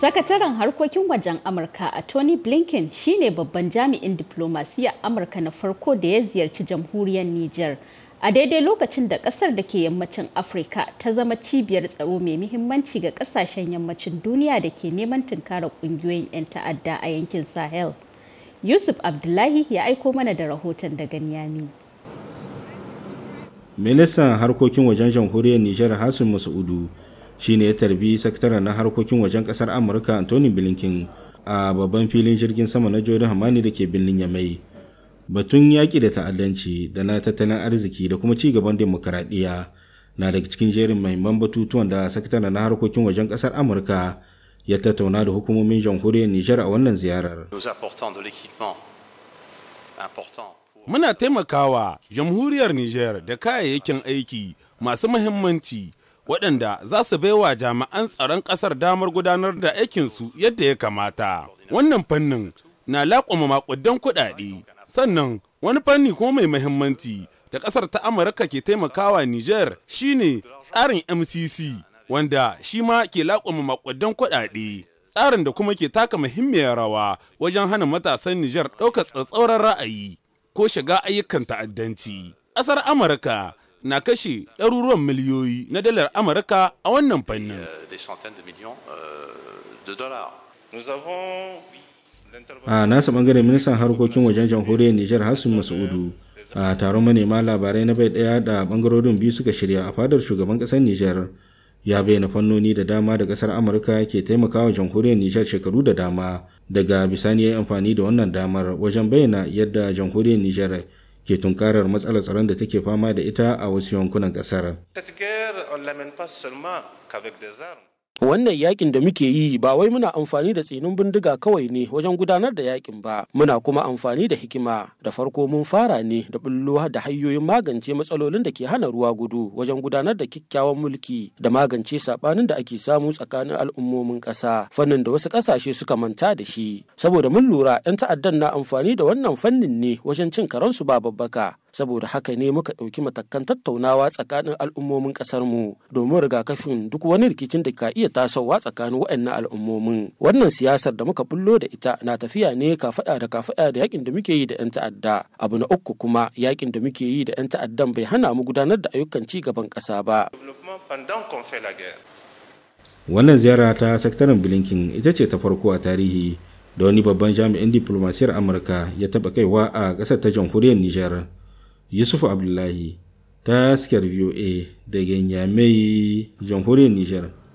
Sakataren harkokin wajen Amurka a Tony Blinken shine babban jami'in diplomasiya Amurka na farko da ya ziyarci jamhuriyar Nijar. A daidai lokacin da ƙasar da ke yammacin Afirka ta zama cibiyar tsaro mai muhimmanci ga ƙasashen yammacin duniya da ke neman tunkarar ƙungiyoyin 'yan ta'adda a yankin Sahel. Yusuf Abdullahi ya aiko mana da rahoton daga Niyami. Ministan harkokin wajen jamhuriyar Nijar Hassan Masu'udu shine ya tarbi sakataren na harkokin wajen kasar amurka anthony blinken a babban filin jirgin sama na jordan hamani da ke birnin yamai batun yaƙi da ta'addanci da na tattalin arziki da kuma ci gaban demokaradiyya na daga cikin jerin mahimman batutuwan da sakataren na harkokin wajen kasar amurka ya tattauna da hukumomin jamhuriyar nijar a wannan ziyarar muna taimakawa jamhuriyar niger da kayayyakin aiki masu mahimmanci waɗanda za su baiwa jami'an tsaron ƙasar damar gudanar da aikinsu yadda ya kamata wannan fannin na laƙwama maƙudan kuɗaɗe sannan wani fanni kuma mai mahimmanci da ƙasar ta amurka ke taimakawa niger shine tsarin mcc wanda shi ma ke laƙwama maƙudan kuɗaɗe tsarin da kuma ke taka muhimmiyar rawa wajen hana matasan Nijar ɗaukar tsatsauran ra'ayi ko shiga ayyukan ta'addanci ƙasar amurka na kashe ɗaruruwan miliyoyi na dalar Amurka a wannan fannin. Euh, euh, a nasa bangare ministan harkokin wajen jamhuriyar nijar hassan masudu a taron manema labarai na bai daya da bangarorin biyu suka shirya a fadar shugaban kasar nijar ya bayyana fannoni da dama da kasar amurka ke taimakawa jamhuriyar nijar shekaru da dama daga bisani ya amfani da wannan damar wajen bayyana yadda jamhuriyar nijar ke tunkarar matsalar tsaron da take fama da ita a wasu yankunan ƙasar. wannan yakin da muke yi ba wai muna amfani da tsinin bindiga kawai ne wajen gudanar da yakin ba muna kuma amfani da hikima da farko mun fara ne da bullo da hanyoyin magance matsalolin da ke hana ruwa gudu wajen gudanar da kyakkyawan mulki da magance sabanin da ake samu tsakanin al'ummomin ƙasa fannin da wasu ƙasashe suka manta da shi saboda mun lura 'yan ta'addan na amfani da wannan fannin ne wajen cin karansu ba babbaka saboda haka ne muka ɗauki matakan tattaunawa tsakanin al'ummomin ƙasarmu domin rigakafin duk wani rikicin da ka iya tasowa tsakanin waɗannan al'ummomin wannan siyasar da muka bullo da ita na tafiya ne kafaɗa da kafaɗa da yakin da muke yi da 'yan ta'adda abu na uku kuma yakin da muke yi da 'yan ta'addan bai hana mu gudanar da ayyukan ci gaban ƙasa ba wannan ziyara ta sakataren bilinkin ita ce ta farko a tarihi da wani babban jami'in diplomasiyar amurka ya taba kaiwa a ƙasar ta jamhuriyar nijar yusufu abdullahi taskar voa daga yamai jamhuriyar nijar